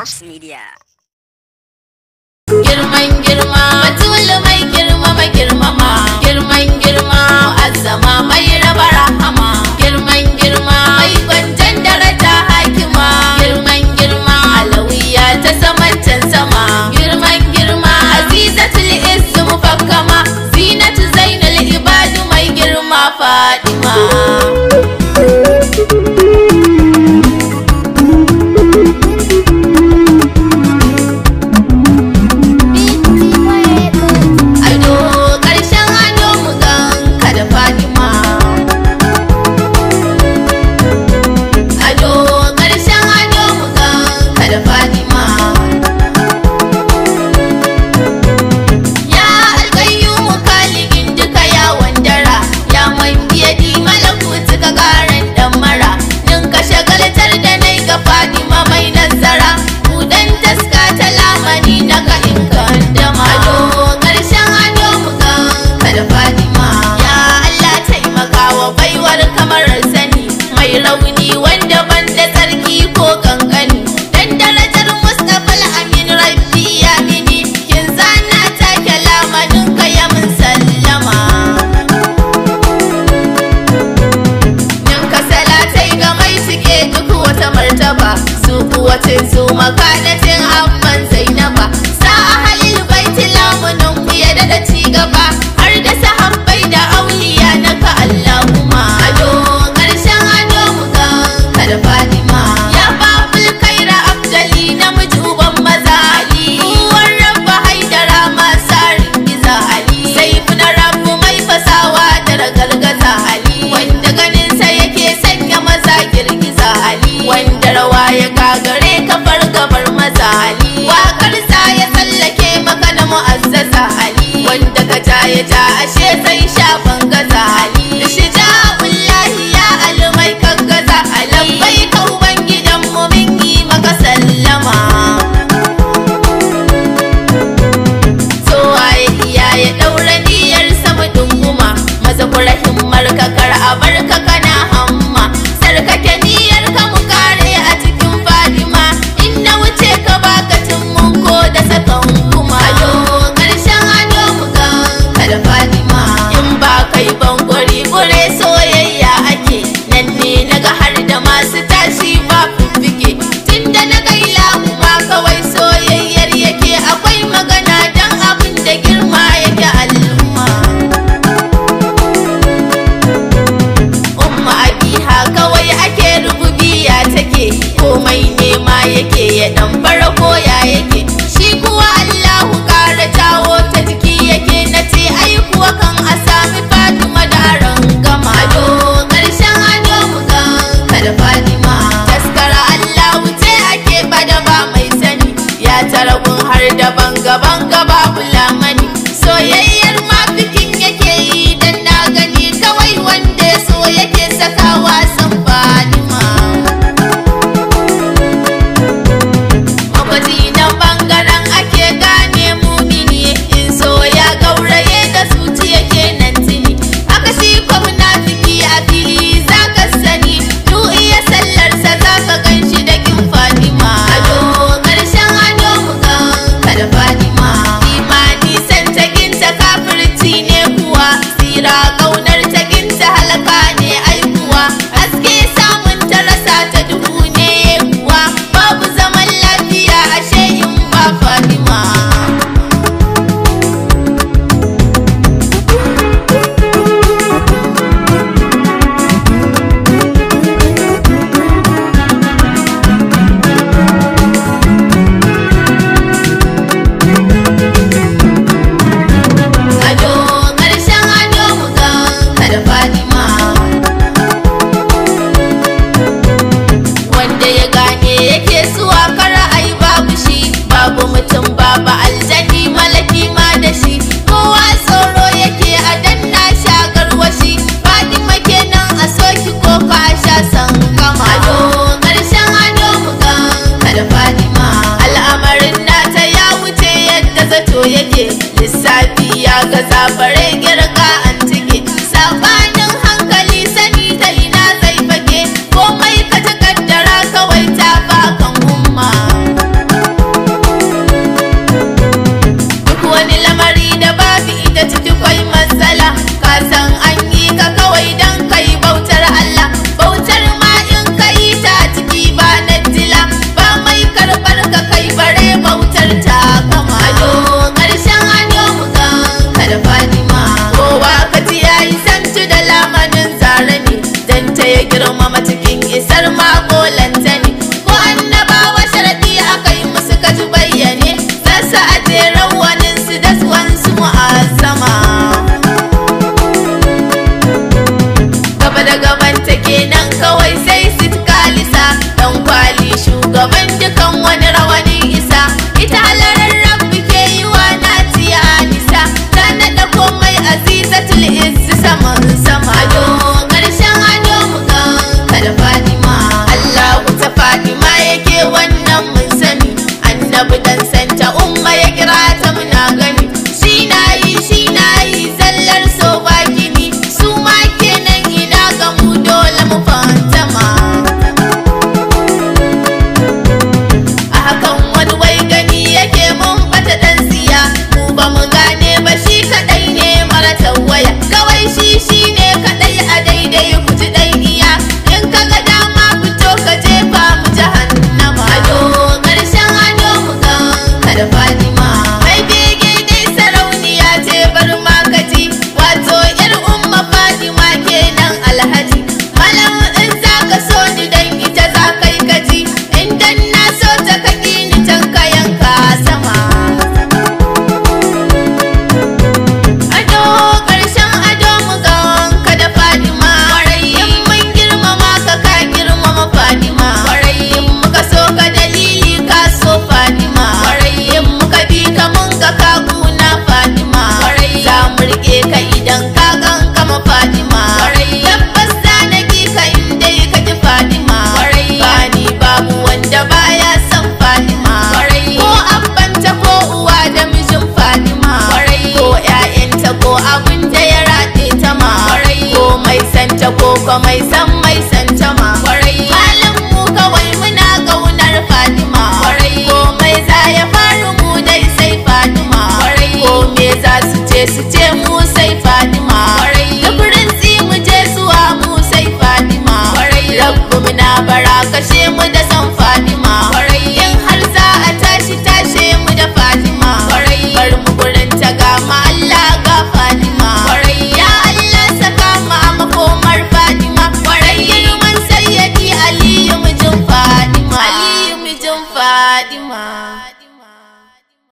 House Media. Girman girma, batulu mai girma mai girmama. wanda ban da sarki ko kankani dan darajar Mustapha Amin Rabbi ya mini kin zana ta kalamanin ka ya mun sallama Yan kasala tai ga mai suke duk wata martaba su kuwatin su maka. da fatima ya babul kaira abdali namiji uban maza ali uwar rabba haidara masa ringiza ali sai na rabu mai fasawa da ragargaza ali wanda ganin sa yake sanya maza girgiza ali wanda rawa ya gagare kafar gabar maza ali wakar sa ya tsallake maka na mu'azzasa ali wanda ka ja ya ja ashe sai shafa komai nema yake ya dan fara koya yake shi kuwa Allahu ƙara jawo ta jiki yake na ce ai kuwa kan a sami Fatima da rangama karshen ƙarshen ado mu ganka da Fatima taskara Allahu ce ake bada ba mai sani ya taragun har da banga banga babu lamani soyayyar ma bikin yake yi dan na gani kawai wanda so yake sakawa san yake lissafi ya zafare bare with budan santa esse